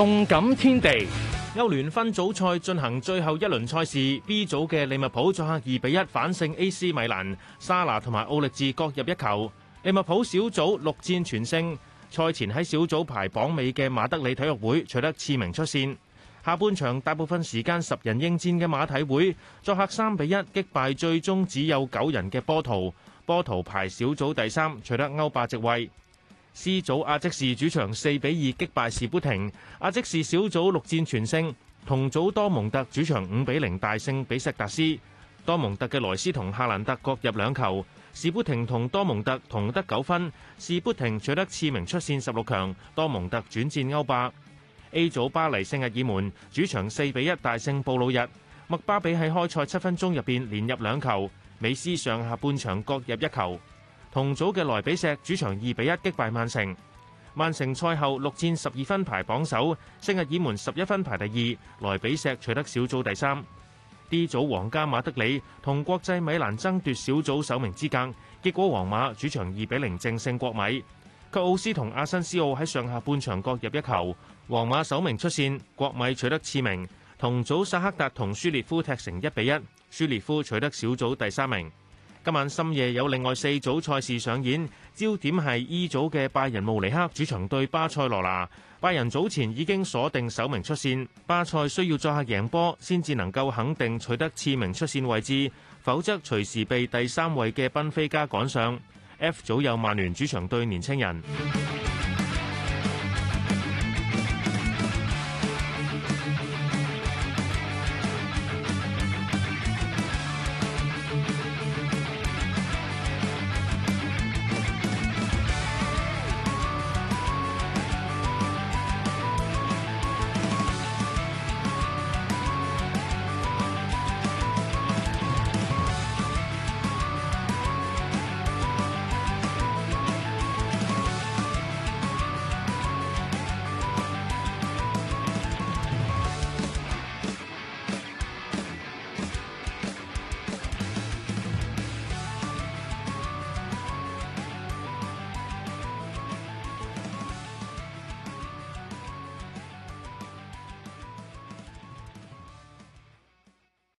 動感天地，歐聯分組賽進行最後一輪賽事，B 組嘅利物浦作客二比一反勝 AC 米蘭，莎拿同埋奧力智各入一球，利物浦小組六戰全勝。賽前喺小組排榜尾嘅馬德里體育會取得次名出線。下半場大部分時間十人應戰嘅馬體會作客三比一擊敗最終只有九人嘅波圖，波圖排小組第三取得歐霸席，席位。C 組阿積士主場4比2擊敗士砵亭，阿積士小組六戰全勝。同組多蒙特主場5比0大勝比錫達斯，多蒙特嘅萊斯同哈蘭德各入兩球，士砵亭同多蒙特同得九分，士砵亭取得次名出線十六強，多蒙特轉戰歐霸。A 組巴黎聖日耳門主場4比1大勝布魯日，麥巴比喺開賽七分鐘入邊連入兩球，美斯上下半場各入一球。同組嘅萊比錫主場二比一擊敗曼城，曼城賽後六戰十二分排榜首，聖日耳門十一分排第二，萊比錫取得小組第三。D 組皇家馬德里同國際米蘭爭奪小組首名之間，結果皇馬主場二比零淨勝國米，卡奧斯同阿申斯奧喺上下半場各入一球，皇馬首名出線，國米取得次名。同組薩克達同舒列夫踢成一比一，舒列夫取得小組第三名。今晚深夜有另外四組賽事上演，焦點係 E 組嘅拜仁慕尼黑主場對巴塞羅那。拜仁早前已經鎖定首名出線，巴塞需要作客贏波，先至能夠肯定取得次名出線位置，否則隨時被第三位嘅賓菲加趕上。F 組有曼聯主場對年輕人。